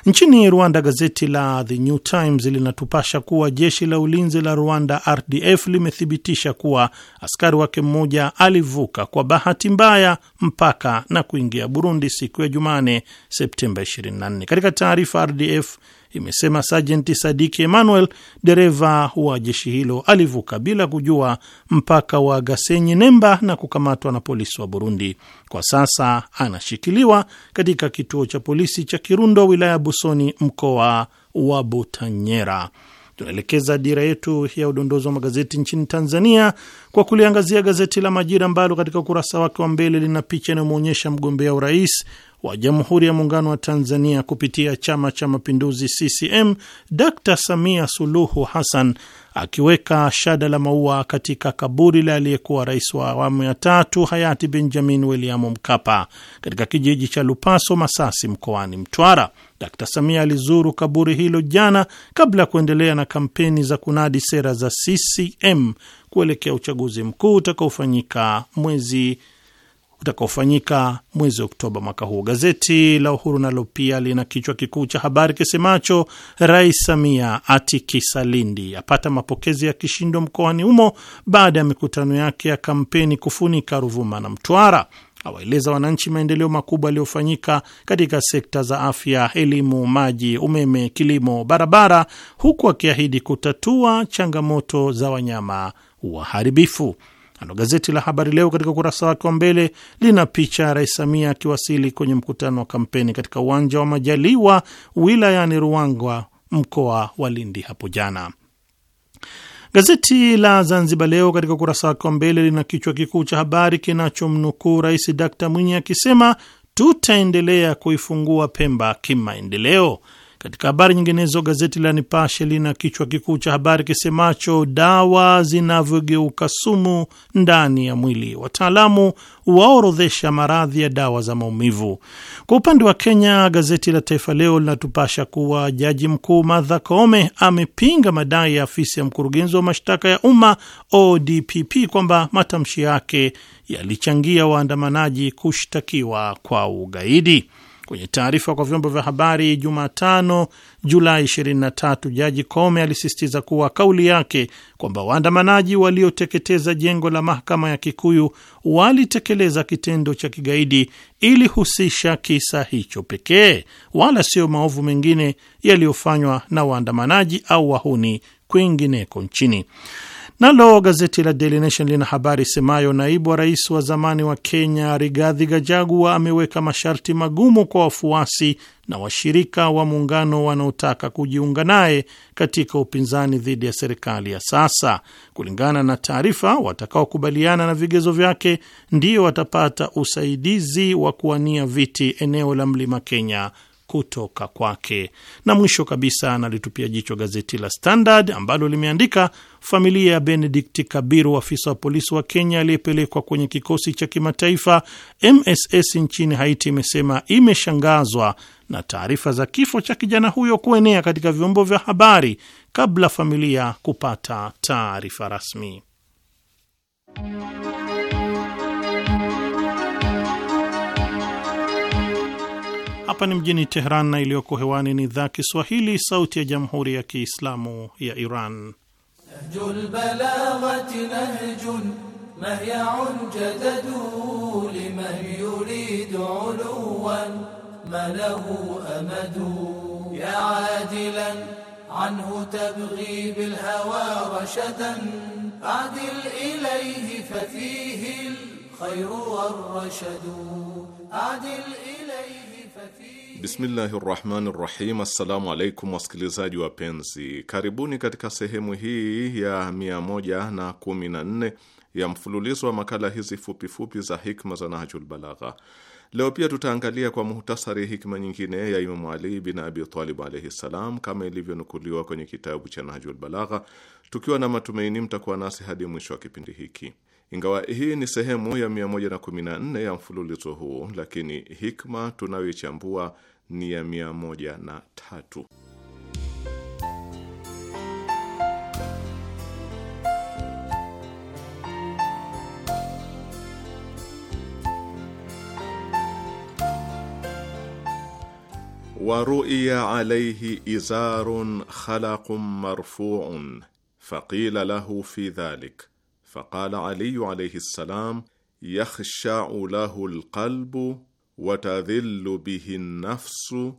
Speaker 3: Nchini Rwanda, gazeti la The New Times linatupasha kuwa jeshi la ulinzi la Rwanda, RDF, limethibitisha kuwa askari wake mmoja alivuka kwa bahati mbaya mpaka na kuingia Burundi siku ya Jumane, Septemba 24. Katika taarifa, RDF imesema Sajenti Sadiki Emmanuel, dereva wa jeshi hilo, alivuka bila kujua mpaka wa Gasenyi Nemba na kukamatwa na polisi wa Burundi. Kwa sasa anashikiliwa katika kituo cha polisi cha Kirundo, wilaya ya Busoni, mkoa wa Butanyera. Tunaelekeza dira yetu ya udondozi wa magazeti nchini Tanzania kwa kuliangazia gazeti la Majira ambalo katika ukurasa wake wa mbele lina picha inayomwonyesha mgombea urais wa Jamhuri ya Muungano wa Tanzania kupitia Chama cha Mapinduzi CCM, Dr Samia Suluhu Hassan akiweka shada la maua katika kaburi la aliyekuwa rais wa awamu ya tatu hayati Benjamin William Mkapa katika kijiji cha Lupaso, Masasi, mkoani Mtwara. d Samia alizuru kaburi hilo jana kabla ya kuendelea na kampeni za kunadi sera za CCM kuelekea uchaguzi mkuu utakaofanyika mwezi utakaofanyika mwezi Oktoba mwaka huu. Gazeti la Uhuru nalo pia lina kichwa kikuu cha habari kisemacho Rais Samia atikisa Lindi, apata mapokezi ya kishindo mkoani humo baada ya mikutano yake ya kampeni kufunika Ruvuma na Mtwara, awaeleza wananchi maendeleo makubwa yaliyofanyika katika sekta za afya, elimu, maji, umeme, kilimo, barabara, huku akiahidi kutatua changamoto za wanyama waharibifu. Nalo gazeti la Habari Leo katika ukurasa wake wa mbele lina picha ya Rais Samia akiwasili kwenye mkutano wa kampeni katika uwanja wa Majaliwa wilayani Ruangwa, mkoa wa Lindi hapo jana. Gazeti la Zanzibar Leo katika ukurasa wake wa mbele lina kichwa kikuu cha habari kinachomnukuu Rais d Mwinyi akisema tutaendelea kuifungua Pemba kimaendeleo. Katika habari nyinginezo, gazeti la Nipashe lina kichwa kikuu cha habari kisemacho dawa zinavyogeuka sumu ndani ya mwili, wataalamu waorodhesha maradhi ya dawa za maumivu. Kwa upande wa Kenya, gazeti la Taifa Leo linatupasha kuwa jaji mkuu Martha Koome amepinga madai ya afisi ya mkurugenzi wa mashtaka ya umma ODPP kwamba matamshi yake yalichangia waandamanaji kushtakiwa kwa ugaidi. Kwenye taarifa kwa vyombo vya habari Jumatano, Julai 23, Jaji come alisisitiza kuwa kauli yake kwamba waandamanaji walioteketeza jengo la mahakama ya Kikuyu walitekeleza kitendo cha kigaidi ilihusisha kisa hicho pekee, wala sio maovu mengine yaliyofanywa na waandamanaji au wahuni kwingineko nchini. Nalo gazeti la Daily Nation lina habari semayo, naibu wa rais wa zamani wa Kenya Rigathi Gachagua ameweka masharti magumu kwa wafuasi na washirika wa muungano wanaotaka kujiunga naye katika upinzani dhidi ya serikali ya sasa. Kulingana na taarifa, watakaokubaliana na vigezo vyake ndio watapata usaidizi wa kuwania viti eneo la mlima Kenya kutoka kwake. Na mwisho kabisa analitupia jicho gazeti la Standard ambalo limeandika familia ya Benedict Kabiru, afisa wa polisi wa Kenya aliyepelekwa kwenye kikosi cha kimataifa MSS nchini Haiti, imesema imeshangazwa na taarifa za kifo cha kijana huyo kuenea katika vyombo vya habari kabla familia kupata taarifa rasmi. Hapa ni mjini Tehran na iliyoko hewani ni idhaa Kiswahili sauti ya Jamhuri ya Kiislamu ya Iran.
Speaker 4: Bismillahi rahmani rahim. Assalamu alaikum wasikilizaji wapenzi, karibuni katika sehemu hii ya 114 ya mfululizo wa makala hizi fupifupi za hikma za Nahjul Balagha. Leo pia tutaangalia kwa muhtasari hikma nyingine ya Imamu Ali bin Abi Talib alaihi ssalam, kama ilivyonukuliwa kwenye kitabu cha Nahjul Balagha, tukiwa na matumaini mtakuwa nasi hadi mwisho wa kipindi hiki. Ingawa hii ni sehemu ya 114 ya mfululizo huu, lakini hikma tunayoichambua ni ya 103. Waruiya alaihi izarun khalaqun marfuun faqila lahu fi dhalik Faqala Aliyu alaihi ssalam, yakhshau lahu lqalbu watadhillu bihi nnafsu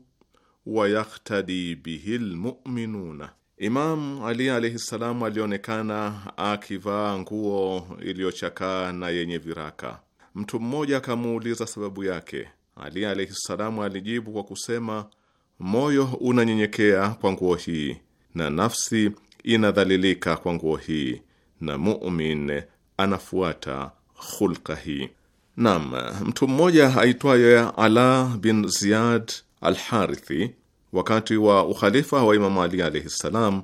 Speaker 4: wayaktadi bihi lmuminuna. Imam Ali alaihi ssalam alionekana akivaa nguo iliyochakaa na yenye viraka. Mtu mmoja akamuuliza sababu yake. Ali alaihi ssalam alijibu kwa kusema, moyo unanyenyekea kwa nguo hii na nafsi inadhalilika kwa nguo hii na mumin anafuata khulqa hii. Naam, mtu mmoja aitwaye Ala bin Ziyad Alharithi wakati wa ukhalifa wa Imamu Ali alaihi ssalam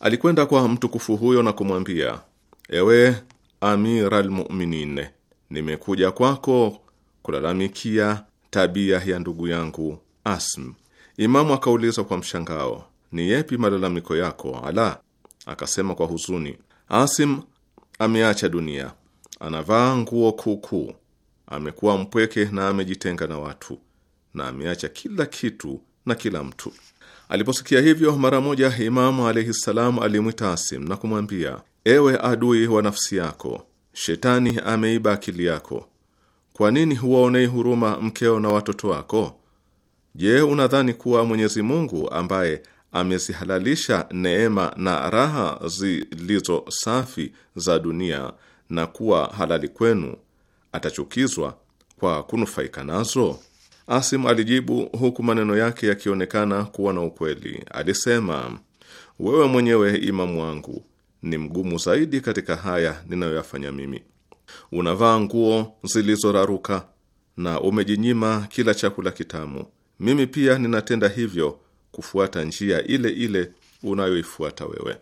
Speaker 4: alikwenda kwa mtukufu huyo na kumwambia, ewe amir Almuminin, nimekuja kwako kulalamikia tabia ya ndugu yangu Asm. Imamu akauliza kwa mshangao, ni yepi malalamiko yako Ala? Akasema kwa huzuni, Asim ameacha dunia, anavaa nguo kuukuu, amekuwa mpweke na amejitenga na watu, na ameacha kila kitu na kila mtu. Aliposikia hivyo, mara moja Imamu alaihi ssalam alimwita Asim na kumwambia, ewe adui wa nafsi yako, shetani ameiba akili yako. Kwa nini huwaonei huruma mkeo na watoto wako? Je, unadhani kuwa Mwenyezi Mungu ambaye amezihalalisha neema na raha zilizo safi za dunia na kuwa halali kwenu, atachukizwa kwa kunufaika nazo? Asim alijibu huku maneno yake yakionekana kuwa na ukweli. Alisema, wewe mwenyewe imamu wangu ni mgumu zaidi katika haya ninayoyafanya mimi. Unavaa nguo zilizoraruka na umejinyima kila chakula kitamu. Mimi pia ninatenda hivyo kufuata njia ile ile unayoifuata wewe.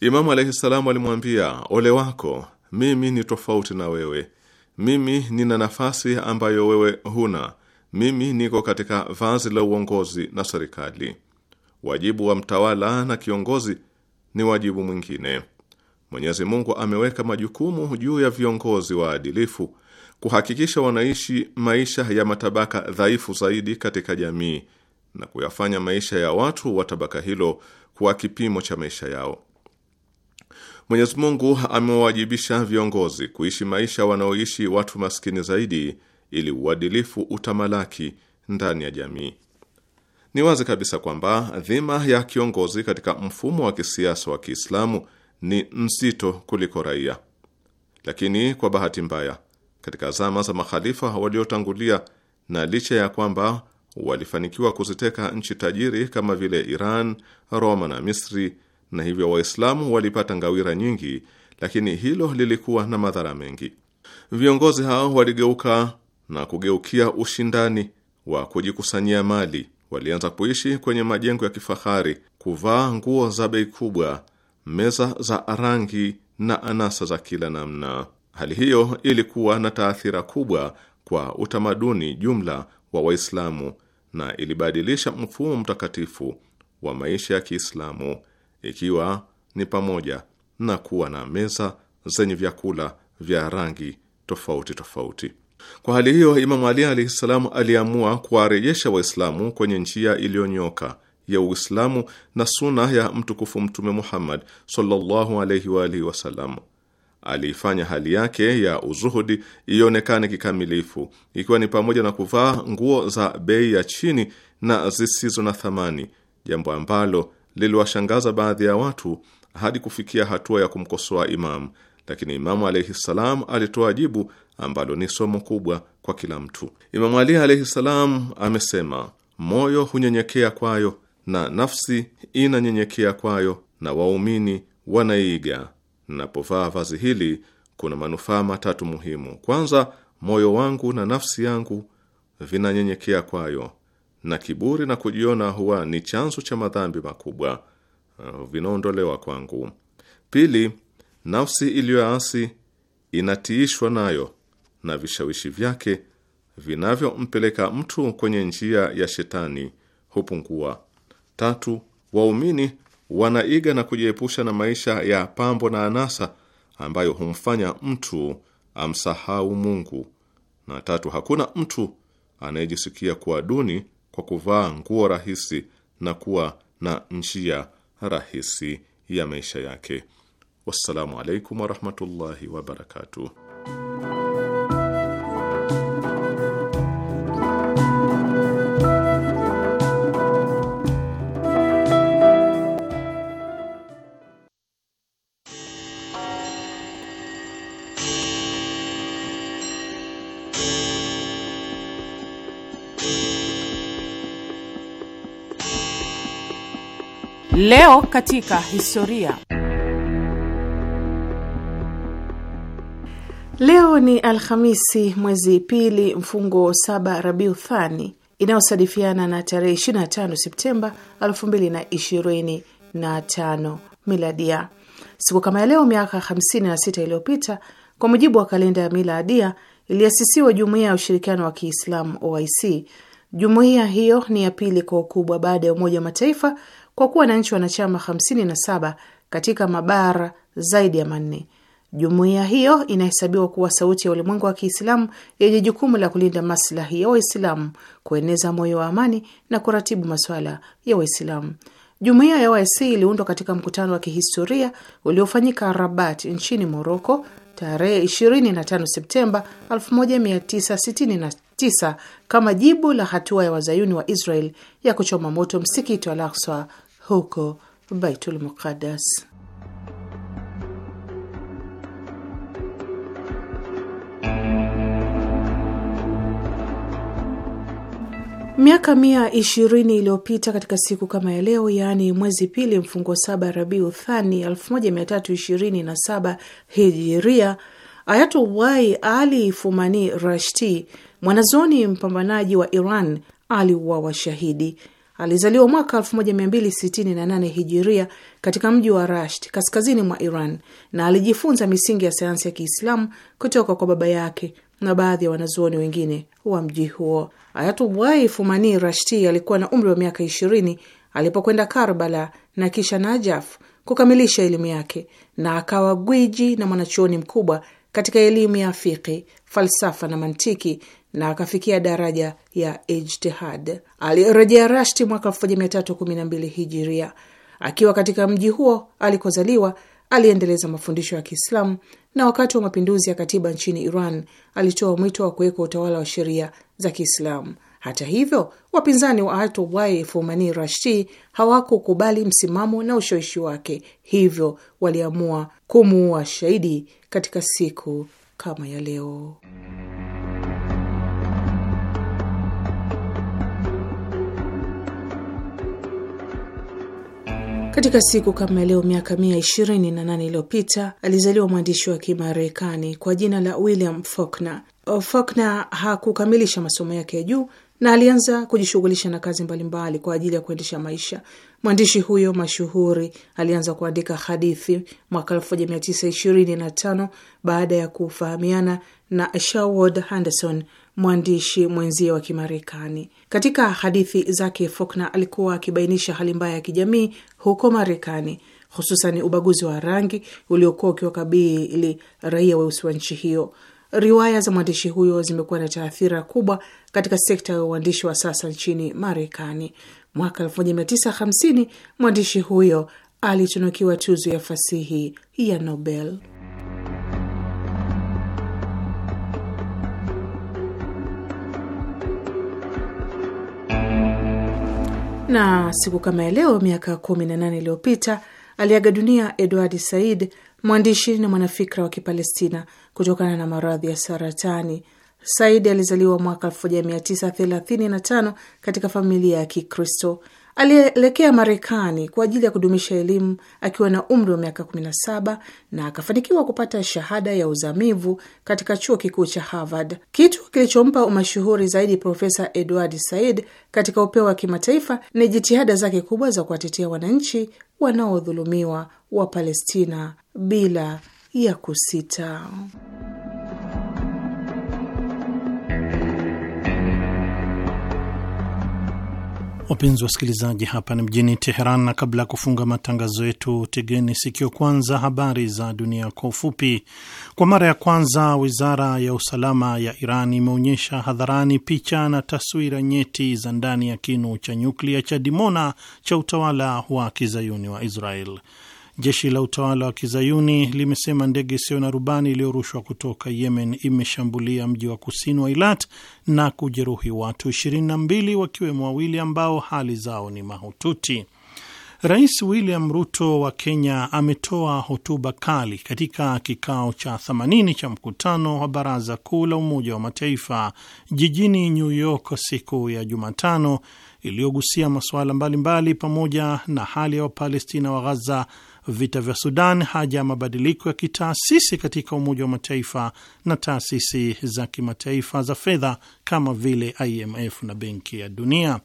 Speaker 4: Imamu alaihi salamu alimwambia, ole wako, mimi ni tofauti na wewe. Mimi nina nafasi ambayo wewe huna. Mimi niko katika vazi la uongozi na serikali. Wajibu wa mtawala na kiongozi ni wajibu mwingine. Mwenyezi Mungu ameweka majukumu juu ya viongozi waadilifu kuhakikisha wanaishi maisha ya matabaka dhaifu zaidi katika jamii na kuyafanya maisha ya watu wa tabaka hilo kuwa kipimo cha maisha yao. Mwenyezi Mungu amewajibisha viongozi kuishi maisha wanaoishi watu maskini zaidi ili uadilifu utamalaki ndani ya jamii. Ni wazi kabisa kwamba dhima ya kiongozi katika mfumo wa kisiasa wa Kiislamu ni mzito kuliko raia, lakini kwa bahati mbaya, katika zama za makhalifa waliotangulia, na licha ya kwamba walifanikiwa kuziteka nchi tajiri kama vile Iran, Roma na Misri, na hivyo Waislamu walipata ngawira nyingi, lakini hilo lilikuwa na madhara mengi. Viongozi hao waligeuka na kugeukia ushindani wa kujikusanyia mali. Walianza kuishi kwenye majengo ya kifahari, kuvaa nguo za bei kubwa, meza za rangi na anasa za kila namna. Hali hiyo ilikuwa na taathira kubwa kwa utamaduni jumla wa Waislamu na ilibadilisha mfumo mtakatifu wa maisha ya Kiislamu ikiwa ni pamoja na kuwa na meza zenye vyakula vya rangi tofauti tofauti. Kwa hali hiyo, Imamu Ali alaihi aliamua kuwarejesha Waislamu kwenye njia iliyonyoka ya Uislamu na suna ya mtukufu Mtume Muhammad sallallahu alaihi wa alihi wasallam aliifanya hali yake ya uzuhudi ionekane kikamilifu, ikiwa ni pamoja na kuvaa nguo za bei ya chini na zisizo na thamani, jambo ambalo liliwashangaza baadhi ya watu hadi kufikia hatua ya kumkosoa Imamu. Lakini Imamu alaihi salam alitoa jibu ambalo ni somo kubwa kwa kila mtu. Imamu Ali alaihi salam amesema, moyo hunyenyekea kwayo na nafsi inanyenyekea kwayo, na waumini wanaiga napovaa vazi hili kuna manufaa matatu muhimu. Kwanza, moyo wangu na nafsi yangu vinanyenyekea kwayo, na kiburi na kujiona huwa ni chanzo cha madhambi makubwa uh, vinaondolewa kwangu. Pili, nafsi iliyoasi inatiishwa nayo na vishawishi vyake vinavyompeleka mtu kwenye njia ya shetani hupungua. Tatu, waumini wanaiga na kujiepusha na maisha ya pambo na anasa ambayo humfanya mtu amsahau Mungu. Na tatu, hakuna mtu anayejisikia kuwa duni kwa kuvaa nguo rahisi na kuwa na njia rahisi ya maisha yake. Wassalamu alaikum warahmatullahi wabarakatuh.
Speaker 5: Leo katika historia. Leo ni Alhamisi, mwezi pili mfungo saba Rabiu Thani, inayosadifiana na tarehe 25 Septemba 2025 miladia. Siku kama ya leo miaka 56 iliyopita, kwa mujibu wa kalenda ya miladia, iliasisiwa Jumuiya ya Ushirikiano wa Kiislamu OIC. Jumuiya hiyo ni ya pili kwa ukubwa baada ya Umoja wa Mataifa kwa kuwa na nchi wanachama 57 katika mabara zaidi ya manne. Jumuiya hiyo inahesabiwa kuwa sauti ya ulimwengu wa Kiislamu yenye jukumu la kulinda maslahi ya Waislamu, kueneza moyo wa amani na kuratibu masuala ya Waislamu. Jumuiya ya OIC iliundwa katika mkutano wa kihistoria uliofanyika Rabat nchini Moroko tarehe 25 Septemba 1969 kama jibu la hatua ya wazayuni wa Israel ya kuchoma moto msikiti wa Al-Aqsa huko Baitul Muqaddas. Miaka mia ishirini iliyopita katika siku kama ya leo, yaani mwezi pili mfungo saba Rabiu Thani 1327 Hijiria, Ayatullahi Ali Fumani Rashti, mwanazoni mpambanaji wa Iran, aliuawa shahidi. Alizaliwa mwaka 1268 hijiria katika mji wa Rasht kaskazini mwa Iran na alijifunza misingi ya sayansi ya Kiislamu kutoka kwa baba yake na baadhi ya wanazuoni wengine wa mji huo. ayatubwai Fumani Rashti alikuwa na umri wa miaka 20 alipokwenda Karbala na kisha Najaf kukamilisha elimu yake na akawa gwiji na mwanachuoni mkubwa katika elimu ya fiqhi, falsafa na mantiki na akafikia daraja ya ijtihad. Alirejea Rashti mwaka 1312 hijiria. Akiwa katika mji huo alikozaliwa, aliendeleza mafundisho ya Kiislamu na wakati wa mapinduzi ya katiba nchini Iran alitoa mwito wa kuwekwa utawala wa sheria za Kiislamu. Hata hivyo, wapinzani wa Ayatollah Fumani Rashti hawakukubali msimamo na ushawishi wake, hivyo waliamua kumuua shahidi katika siku kama ya leo. Katika siku kama leo miaka mia ishirini na nane iliyopita alizaliwa mwandishi wa Kimarekani kwa jina la William Faulkner. Faulkner hakukamilisha masomo yake ya juu na alianza kujishughulisha na kazi mbalimbali kwa ajili ya kuendesha maisha. Mwandishi huyo mashuhuri alianza kuandika hadithi mwaka tano baada ya kufahamiana na Sherwood Anderson mwandishi mwenzie wa Kimarekani. Katika hadithi zake, Faulkner alikuwa akibainisha hali mbaya ya kijamii huko Marekani, hususan ubaguzi wa rangi uliokuwa ukiwakabili raia weusi wa nchi hiyo. Riwaya za mwandishi huyo zimekuwa na taathira kubwa katika sekta ya uandishi wa sasa nchini Marekani. Mwaka 1950 mwandishi huyo alitunukiwa tuzo ya fasihi ya Nobel. na siku kama ya leo miaka 18 iliyopita aliaga dunia Edward Said, mwandishi na mwanafikra wa Kipalestina kutokana na maradhi ya saratani. Said alizaliwa mwaka 1935 katika familia ya Kikristo. Alielekea Marekani kwa ajili ya kudumisha elimu akiwa na umri wa miaka 17 na akafanikiwa kupata shahada ya uzamivu katika chuo kikuu cha Harvard, kitu kilichompa umashuhuri zaidi Profesa Edward Said katika upeo wa kimataifa ni jitihada zake kubwa za kuwatetea wananchi wanaodhulumiwa wa Palestina bila ya kusita.
Speaker 3: Wapenzi wasikilizaji, hapa ni mjini Teheran, na kabla ya kufunga matangazo yetu, tegeni sikio kwanza habari za dunia kwa ufupi. Kwa mara ya kwanza, wizara ya usalama ya Iran imeonyesha hadharani picha na taswira nyeti za ndani ya kinu cha nyuklia cha Dimona cha utawala wa kizayuni wa Israel. Jeshi la utawala wa kizayuni limesema ndege isiyo na rubani iliyorushwa kutoka Yemen imeshambulia mji wa kusini wa Ilat na kujeruhi watu 22 wakiwemo wawili ambao hali zao ni mahututi. Rais William Ruto wa Kenya ametoa hotuba kali katika kikao cha 80 cha mkutano wa Baraza Kuu la Umoja wa Mataifa jijini New York siku ya Jumatano iliyogusia masuala mbalimbali pamoja na hali ya Wapalestina wa Ghaza vita vya Sudan, haja ya mabadiliko ya kitaasisi katika Umoja wa Mataifa na taasisi za kimataifa za fedha kama vile IMF na Benki ya Dunia.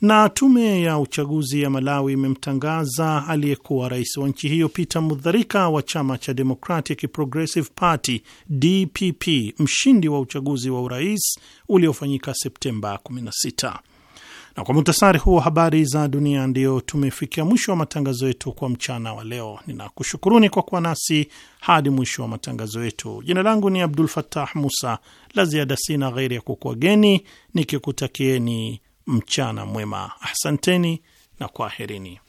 Speaker 3: Na tume ya uchaguzi ya Malawi imemtangaza aliyekuwa rais wa nchi hiyo Peter Mutharika wa chama cha Democratic Progressive Party DPP mshindi wa uchaguzi wa urais uliofanyika Septemba 16. Na kwa muhtasari huo habari za dunia, ndio tumefikia mwisho wa matangazo yetu kwa mchana wa leo. Ninakushukuruni kwa kuwa nasi hadi mwisho wa matangazo yetu. Jina langu ni Abdul Fattah Musa. La ziada sina ghairi ya geni nikikutakieni mchana mwema. Asanteni na kwaherini.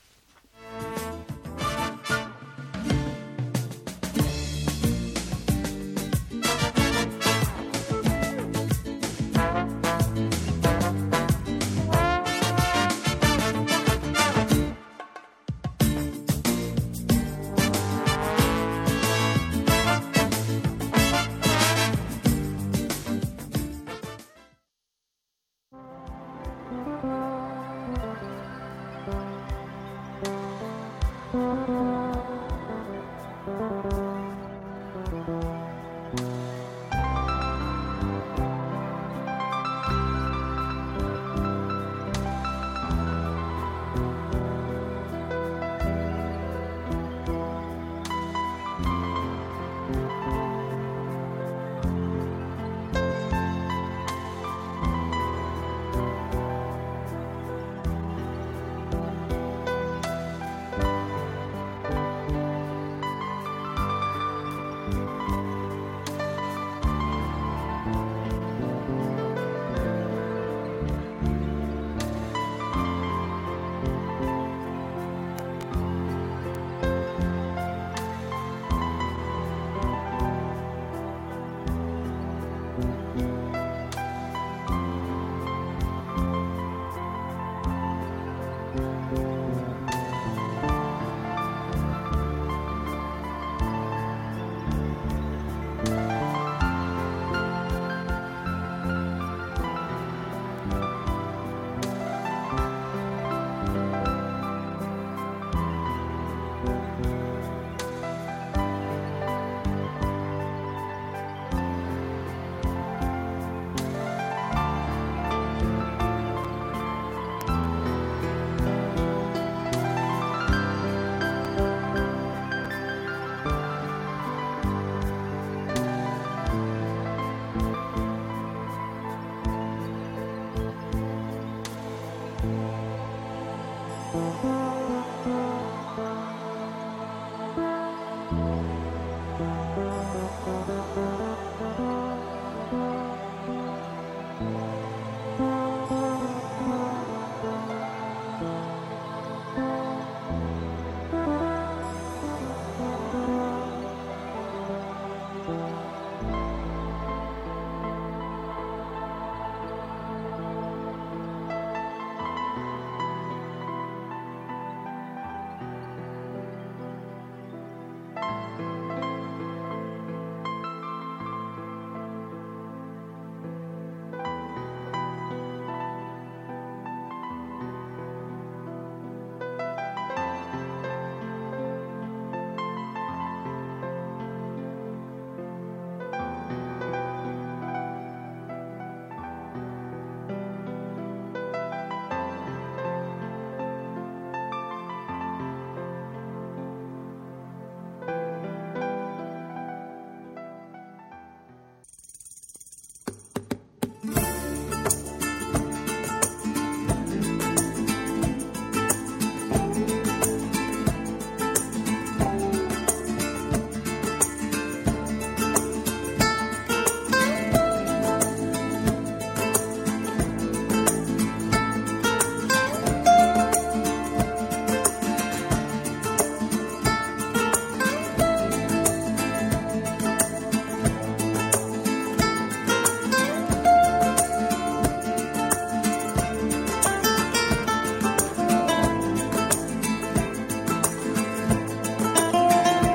Speaker 8: Oh.